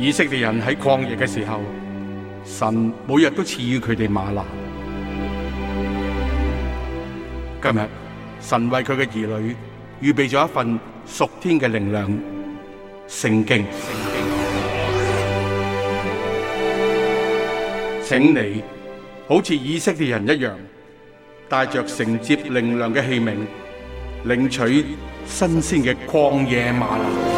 以色列人喺曠野嘅時候，神每日都賜予佢哋嗎哪。今日神為佢嘅兒女預備咗一份屬天嘅靈糧，聖經，請你好似以色列人一樣，帶着承接靈糧嘅器皿，領取新鮮嘅曠野嗎哪。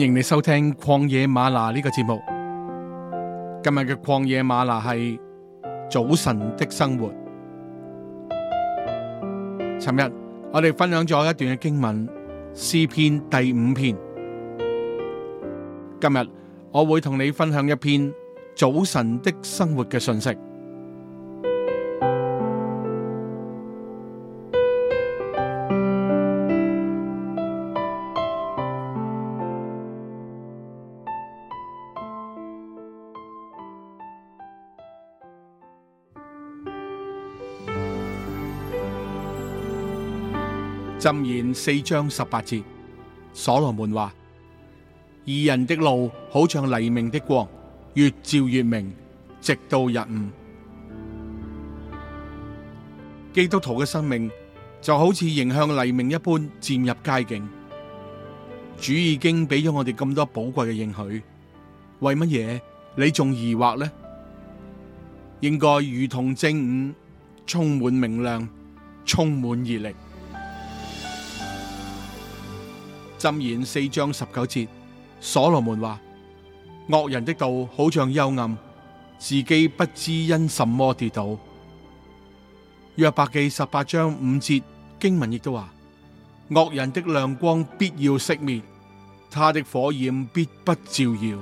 歡迎你收聽《曠野嗎哪》呢個節目。今日嘅《曠野嗎哪》係早晨的生活。尋日我哋分享咗一段嘅經文詩篇第五篇。今日我會同你分享一篇早晨的生活嘅信息。浸染四章十八節，所羅門話：異人的路好像黎明的光，越照越明，直到日午。基督徒嘅生命就好似迎向黎明一般漸入佳境。主已經俾咗我哋咁多寶貴嘅應許，為乜嘢你仲疑惑呢？應該如同正午，充滿明亮，充滿熱力。箴言四章十九節，所羅門話：惡人的道好像幽暗，自己不知因什麼跌倒。約伯記十八章五節經文亦都話：惡人的亮光必要熄滅，他的火焰必不照耀。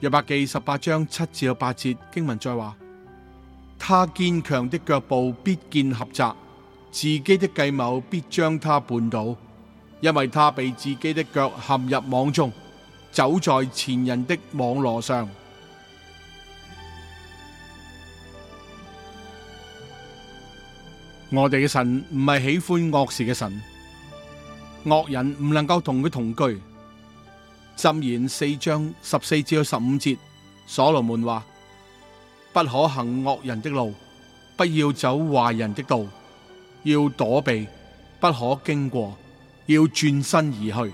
約伯記十八章七至八節經文再話：他堅強的腳步必見狹窄，自己的計謀必將他絆倒。因為他被自己的腳陷入網中，走在前人的網羅上。我哋嘅神唔係喜歡惡事嘅神，惡人唔能夠同佢同居。箴言四章十四至十五節，所羅門話：不可行惡人的路，不要走壞人的道，要躲避，不可經過。要轉身而去，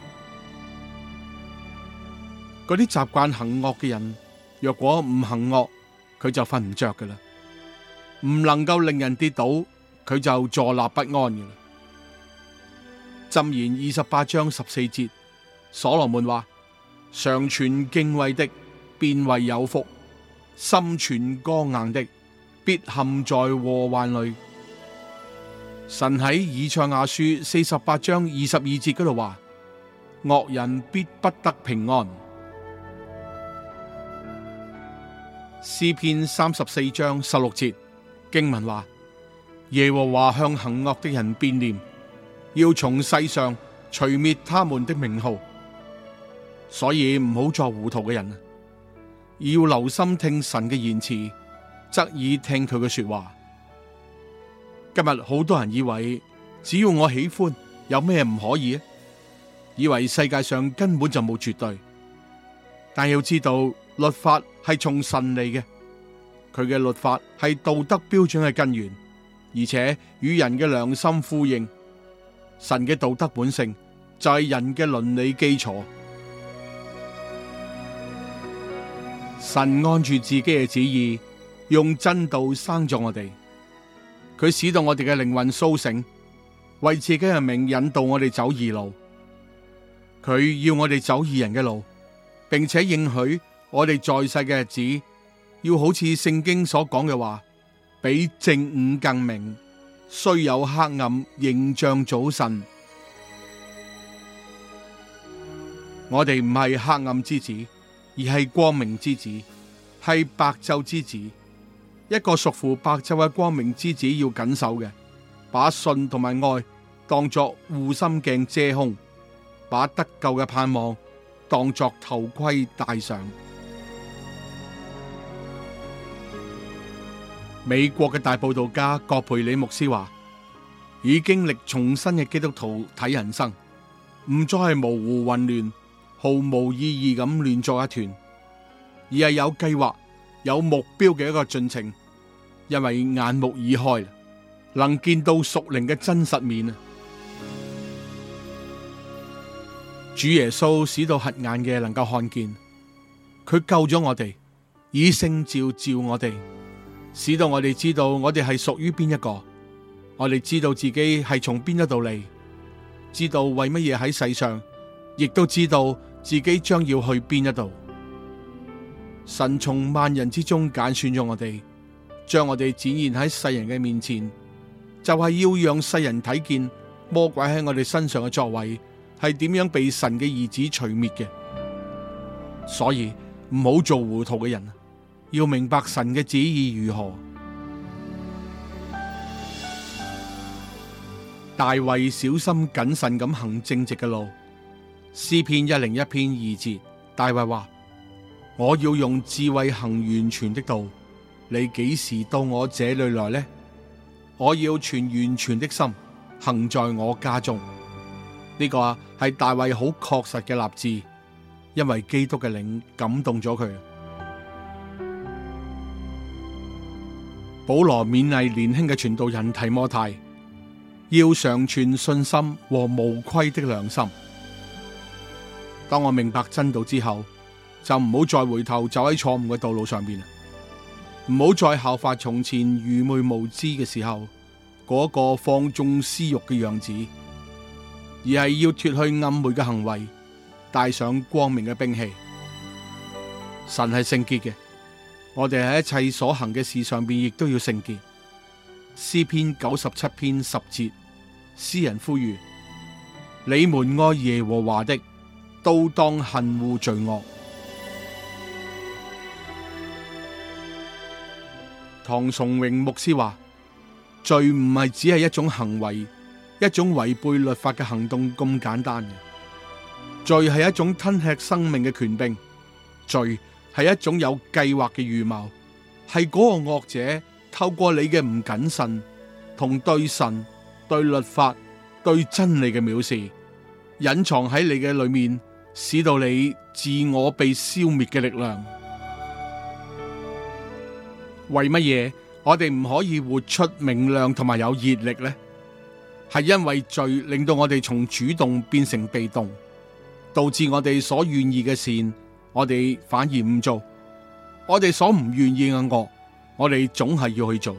嗰啲習慣行惡嘅人，若果唔行惡，佢就瞓唔着噶啦，唔能夠令人跌倒，佢就坐立不安噶啦。箴言二十八章十四節，所羅門話：常存敬畏的，便為有福；心存剛硬的，必陷在禍患裏。神喺以賽亞書四十八章二十二節嗰度話：惡人必不得平安。詩篇三十四章十六節經文話：耶和華向行惡的人變臉，要從世上除滅他們的名號。所以唔好做糊塗嘅人，要留心聽神嘅言辭，側耳聽佢嘅說話。今日好多人以為只要我喜歡，有咩唔可以？以為世界上根本就冇絕對。但要知道，律法係從神嚟嘅，佢嘅律法係道德標準嘅根源，而且與人嘅良心呼應。神嘅道德本性就係人嘅倫理基礎。神按住自己嘅旨意，用真道生咗我哋。佢使到我哋嘅靈魂甦醒，為自己嘅名引導我哋走義路。佢要我哋走義人嘅路，並且應許我哋在世嘅日子，要好似聖經所講嘅話，比正午更明，雖有黑暗仍像早晨。我哋唔係黑暗之子，而係光明之子，係白晝之子。一個屬乎白晝嘅光明之子要謹守嘅，把信同埋愛當作護心鏡遮胸，把得救嘅盼望當作頭盔戴上。美國嘅大布道家葛培理牧師話：已經歷重生嘅基督徒睇人生，唔再係模糊混亂、毫無意義咁亂作一團，而係有計劃。有目標嘅一個進程，因為眼目已開，能見到屬靈嘅真實面啊！主耶穌使到瞎眼嘅能夠看見，佢救咗我哋，以聖照照我哋，使到我哋知道我哋係屬於邊一個，我哋知道自己係從邊一度嚟，知道為乜嘢喺世上，亦都知道自己將要去邊一度。神從萬人之中揀選咗我哋，將我哋展現喺世人嘅面前，就係要讓世人睇見魔鬼喺我哋身上嘅作為係點樣被神嘅兒子除滅嘅。所以唔好做糊塗嘅人，要明白神嘅旨意如何。大衛小心謹慎咁行正直嘅路。詩篇一零一篇二節，大衛話。我要用智慧行完全的道，你幾時到我這裏來呢？我要存完全的心行在我家中。呢個係大衛好確實嘅立志，因為基督嘅靈感動咗佢。保羅勉勵年輕嘅傳道人提摩太，要常存信心和無虧的良心。當我明白真道之後，就唔好再回頭走喺錯誤嘅道路上邊啦，唔好再效法從前愚昧無知嘅時候嗰個放縱私欲嘅樣子，而係要脱去暗昧嘅行為，帶上光明嘅兵器。神係聖潔嘅，我哋喺一切所行嘅事上邊亦都要聖潔。詩篇九十七篇十節，詩人呼籲：你們愛耶和華的，都當恨惡罪惡。唐崇榮牧師話：罪唔係只係一種行為，一種違背律法嘅行動咁簡單嘅。罪係一種吞吃生命嘅權柄，罪係一種有計劃嘅預謀，係嗰個惡者透過你嘅唔謹慎同對神、對律法、對真理嘅藐視，隱藏喺你嘅裏面，使到你自我被消滅嘅力量。為乜嘢我哋唔可以活出明亮同埋有熱力呢？係因為罪令到我哋從主動變成被動，導致我哋所願意嘅善，我哋反而唔做；我哋所唔願意嘅惡，我哋總係要去做。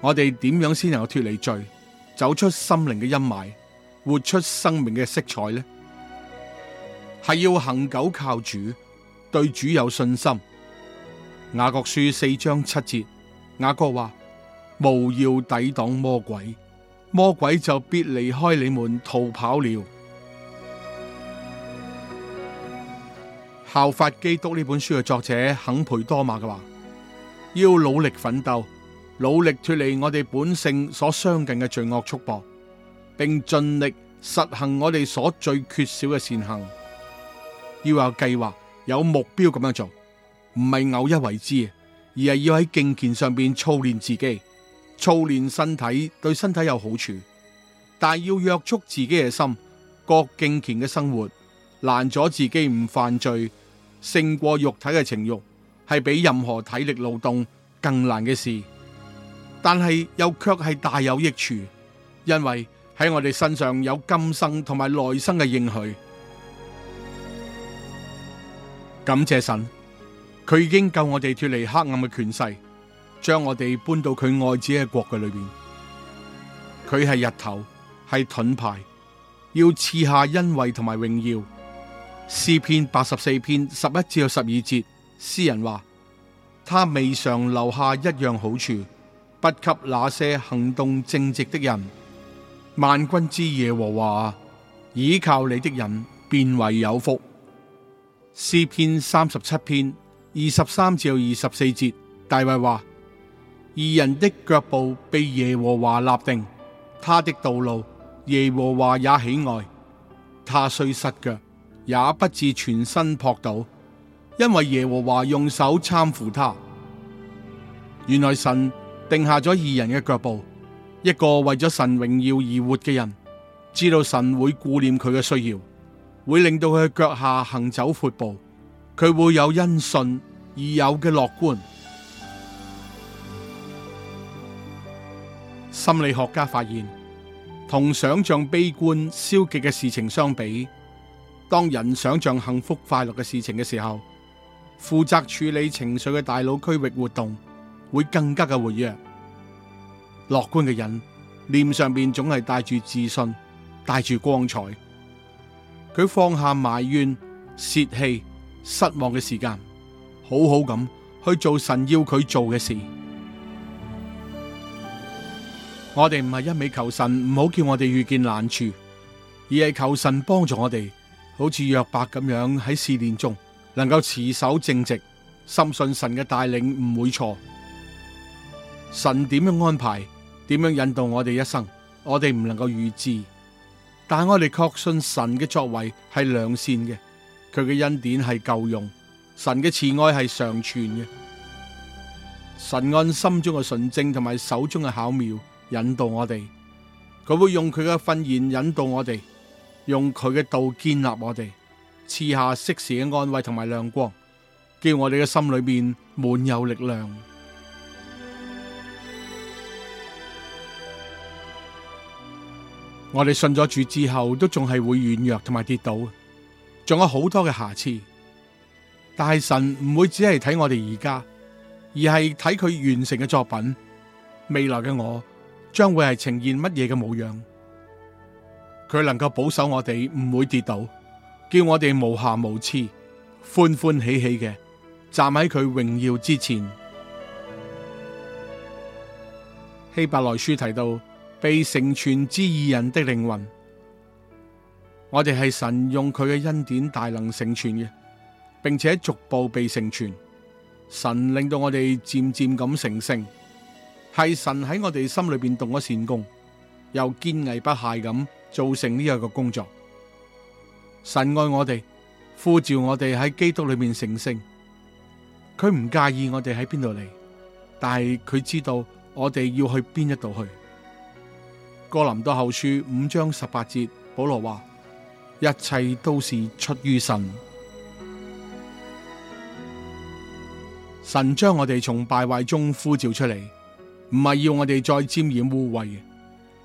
我哋點樣先能夠脫離罪，走出心靈嘅陰霾，活出生命嘅色彩呢？係要恆久靠主，對主有信心。雅各書四章七節，雅各話：務要抵擋魔鬼，魔鬼就必離開你們，逃跑了。《效法基督》呢本書嘅作者肯培多馬嘅話：要努力奮鬥，努力脫離我哋本性所相近嘅罪惡束縛，並盡力實行我哋所最缺少嘅善行，要有計劃、有目標咁樣做。唔係偶一為之，而係要喺敬虔上邊操練自己，操練身體對身體有好處。但係要約束自己嘅心，過敬虔嘅生活，難咗自己唔犯罪，勝過肉體嘅情欲，係比任何體力勞動更難嘅事。但係又卻係大有益處，因為喺我哋身上有今生同埋內生嘅應許。感謝神。佢已經救我哋脱離黑暗嘅權勢，將我哋搬到佢愛自己嘅國嘅裏邊。佢係日頭，係盾牌，要賜下恩惠同埋榮耀。詩篇八十四篇十一至到十二節，詩人話：他未嘗留下一樣好處，不給那些行動正直的人。萬軍之耶和華倚靠你的人，便為有福。詩篇三十七篇。二十三至二十四節，大衛話：二人的腳步被耶和華立定，他的道路耶和華也喜愛。他雖失腳，也不至全身仆倒，因為耶和華用手攙扶他。原來神定下咗二人嘅腳步，一個為咗神榮耀而活嘅人，知道神會顧念佢嘅需要，會令到佢嘅腳下行走闊步。佢會有因信而有嘅樂觀。心理學家發現，同想象悲觀消極嘅事情相比，當人想象幸福快樂嘅事情嘅時候，負責處理情緒嘅大腦區域活動會更加嘅活躍。樂觀嘅人，面上面總係帶住自信，帶住光彩。佢放下埋怨、泄氣。失望嘅時間，好好咁去做神要佢做嘅事。我哋唔係一味求神唔好叫我哋遇見難處，而係求神幫助我哋，好似約伯咁樣喺試煉中能夠持守正直，深信神嘅帶領唔會錯。神點樣安排，點樣引導我哋一生，我哋唔能夠預知，但係我哋確信神嘅作為係良善嘅。佢嘅恩典係夠用，神嘅慈愛係常存嘅。神按心中嘅純正同埋手中嘅巧妙引導我哋，佢會用佢嘅訓言引導我哋，用佢嘅道建立我哋，賜下適時嘅安慰同埋亮光，叫我哋嘅心裏面滿有力量。我哋信咗主之後，都仲係會軟弱同埋跌倒。仲有好多嘅瑕疵，但係神唔會只係睇我哋而家，而係睇佢完成嘅作品。未來嘅我將會係呈現乜嘢嘅模樣？佢能夠保守我哋，唔會跌倒，叫我哋無瑕無疵，歡歡喜喜嘅站喺佢榮耀之前。希伯來書提到被成全之義人的靈魂。我哋係神用佢嘅恩典大能成全嘅，並且逐步被成全。神令到我哋漸漸咁成聖，係神喺我哋心裏邊動咗善功，又堅毅不懈咁做成呢一個工作。神愛我哋，呼召我哋喺基督裏面成聖。佢唔介意我哋喺邊度嚟，但係佢知道我哋要去邊一度去。哥林多後書五章十八節，保羅話。一切都是出於神，神將我哋從敗壞中呼召出嚟，唔係要我哋再沾染污穢，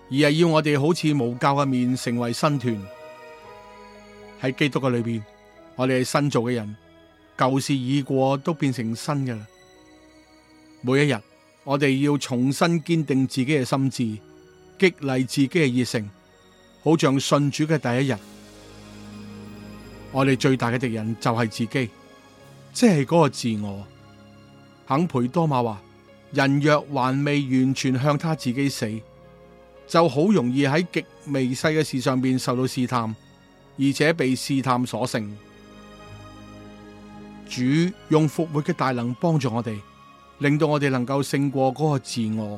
而係要我哋好似無酵嘅麵成為新團。喺基督嘅裏面，我哋係新造嘅人，舊事已過，都變成新嘅啦。每一日，我哋要重新堅定自己嘅心智，激勵自己嘅熱誠，好像信主嘅第一日。我哋最大嘅敵人就係自己，即係嗰個自我。肯培多馬話：人若還未完全向他自己死，就好容易喺極微細嘅事上邊受到試探，而且被試探所勝。主用復活嘅大能幫助我哋，令到我哋能夠勝過嗰個自我，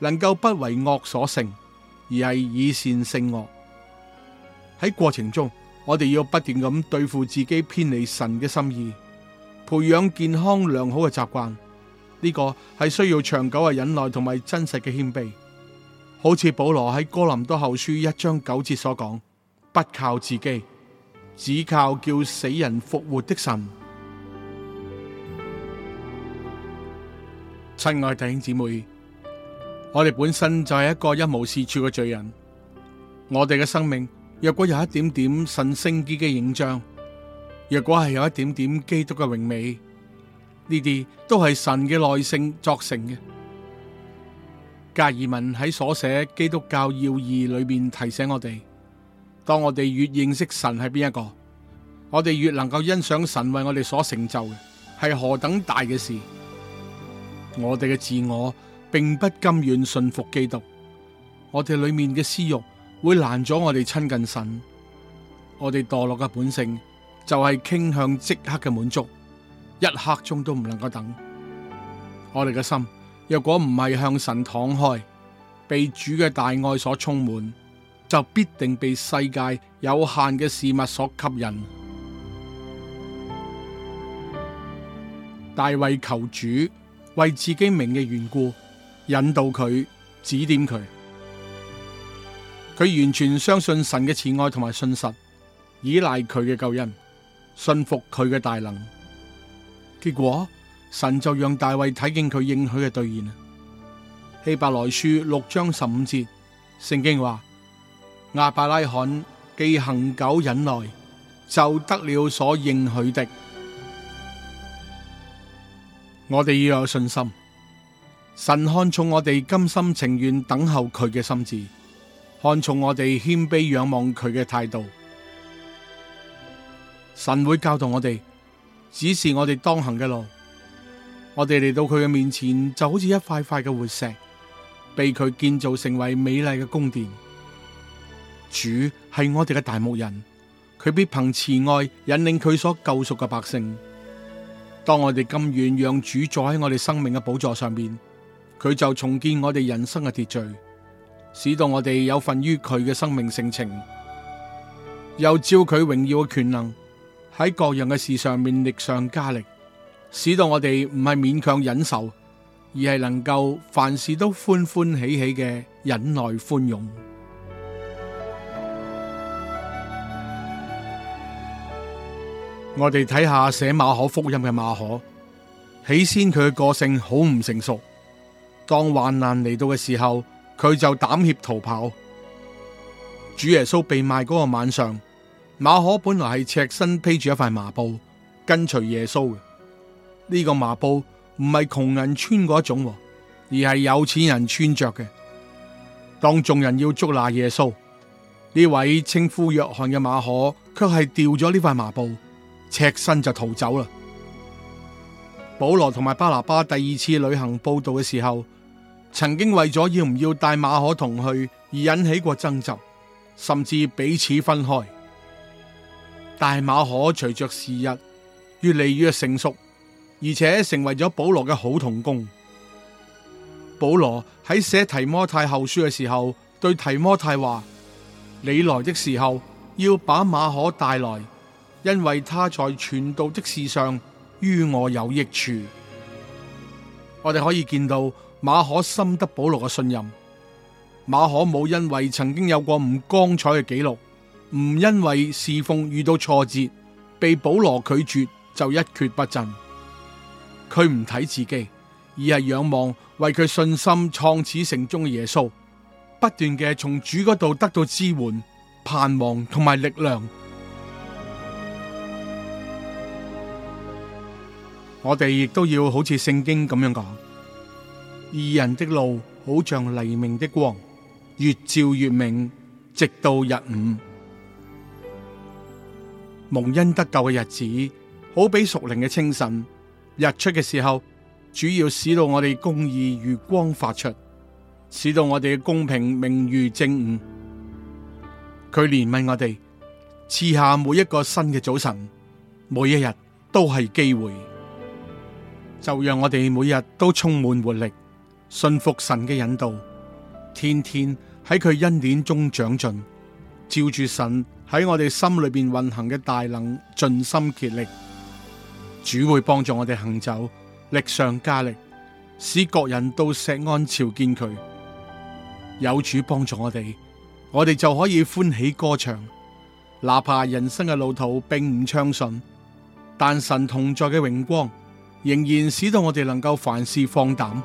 能夠不為惡所勝，而係以善勝惡。喺過程中。我哋要不斷咁對付自己偏離神嘅心意，培養健康良好嘅習慣。呢個係需要長久嘅忍耐同埋真實嘅謙卑。好似保羅喺哥林多後書一章九節所講：不靠自己，只靠叫死人復活的神。親愛弟兄姊妹，我哋本身就係一個一無是處嘅罪人，我哋嘅生命。若果有一點點神聖潔嘅影像，若果係有一點點基督嘅榮美，呢啲都係神嘅耐性作成嘅。加爾文喺所寫《基督教要義》裏面提醒我哋：當我哋越認識神係邊一個，我哋越能夠欣賞神為我哋所成就嘅，係何等大嘅事。我哋嘅自我並不甘願信服基督，我哋裏面嘅私欲。會攔阻我哋親近神，我哋墮落嘅本性就係、是、傾向即刻嘅滿足，一刻鐘都唔能夠等。我哋嘅心若果唔係向神敞開，被主嘅大愛所充滿，就必定被世界有限嘅事物所吸引。大衛求主為自己名嘅緣故，引導佢，指點佢。佢完全相信神嘅慈愛同埋信實，依賴佢嘅救恩，信服佢嘅大能。結果，神就讓大衛睇見佢應許嘅兌現。希伯來書六章十五節，聖經話亞伯拉罕既恒久忍耐，就得了所應許的。我哋要有信心，神看重我哋甘心情願等候佢嘅心志。看重我哋謙卑仰望佢嘅態度，神會教導我哋，指示我哋當行嘅路。我哋嚟到佢嘅面前，就好似一塊塊嘅活石，被佢建造成為美麗嘅宮殿。主係我哋嘅大牧人，佢必憑慈愛引領佢所救贖嘅百姓。當我哋甘願讓主坐喺我哋生命嘅寶座上面，佢就重建我哋人生嘅秩序。使到我哋有份於佢嘅生命性情，又照佢榮耀嘅權能喺各樣嘅事上面力上加力，使到我哋唔係勉強忍受，而係能夠凡事都歡歡喜喜嘅忍耐寬容。 我哋睇下寫馬可福音嘅馬可，起先佢嘅個性好唔成熟，當患難嚟到嘅時候，佢就膽怯逃跑。主耶穌被賣嗰個晚上，馬可本來係赤身披住一塊麻布跟隨耶穌嘅。呢個麻布唔係窮人穿嗰種，而係有錢人穿着嘅。當眾人要捉拿耶穌，呢位稱呼約翰嘅馬可卻係掉咗呢塊麻布，赤身就逃走啦。保羅同埋巴拿巴第二次旅行佈道嘅時候，曾經為咗要唔要帶馬可同去而引起過爭執，甚至彼此分開。大馬可隨着時日越嚟越成熟，而且成為咗保羅嘅好同工。保羅喺寫提摩太後書嘅時候，對提摩太話：你來的時候要把馬可帶來，因為他在傳道的事上於我有益處。我哋可以見到。馬可深得保羅嘅信任，馬可冇因為曾經有過唔光彩嘅記錄，唔因為侍奉遇到挫折，被保羅拒絕，就一蹶不振。佢唔睇自己，而係仰望為佢信心創始成終嘅耶穌，不斷嘅從主嗰度得到支援、盼望同埋力量。我哋亦都要好似聖經咁樣講。二人的路好像黎明的光，越照越明，直到日午。蒙恩得救嘅日子，好比屬靈嘅清晨，日出嘅時候，主要使到我哋公義如光發出，使到我哋嘅公平明如正午。佢憐憫我哋，賜下每一個新嘅早晨，每一日都係機會，就讓我哋每日都充滿活力。信服神嘅引導，天天喺佢恩典中長進，照住神喺我哋心裏邊運行嘅大能，盡心竭力。主會幫助我哋行走，力上加力，使各人到錫安朝見佢。有主幫助我哋，我哋就可以歡喜歌唱，哪怕人生嘅路途並唔暢順，但神同在嘅榮光，仍然使到我哋能夠凡事放膽。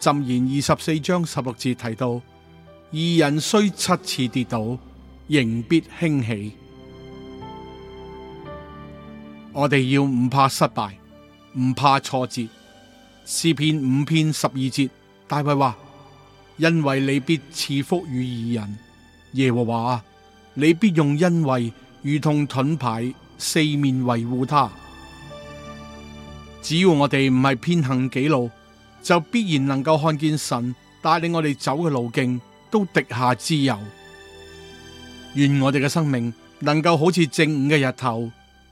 箴言二十四章十六節提到，義人雖七次跌倒，仍必興起。我哋要唔怕失敗，唔怕挫折。詩篇五篇十二節，大衛話：因為你必賜福與義人。耶和華，你必用恩惠如同盾牌四面維護他。只要我哋唔係偏行己路，就必然能夠看見神帶領我哋走嘅路徑都滴下脂油，願我哋嘅生命能夠好似正午嘅日頭，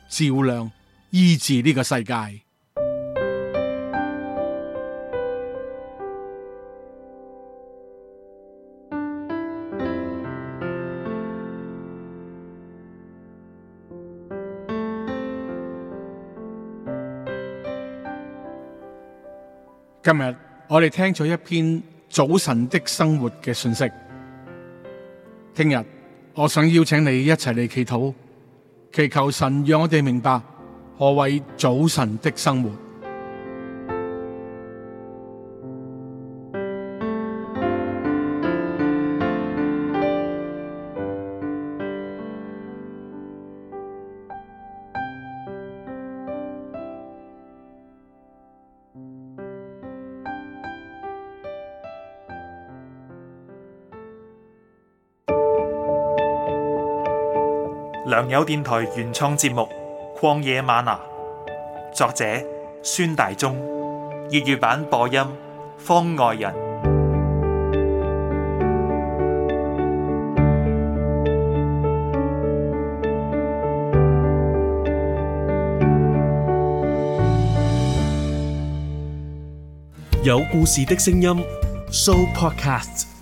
照亮醫治呢個世界。今日我哋聽咗一篇早晨的生活嘅信息，聽日我想邀請你一齊嚟祈禱，祈求神讓我哋明白何謂早晨的生活。良友電台原創節目《曠野嗎哪》，作者孫大中，粵語版播音方外人，有故事的聲音，So Podcast。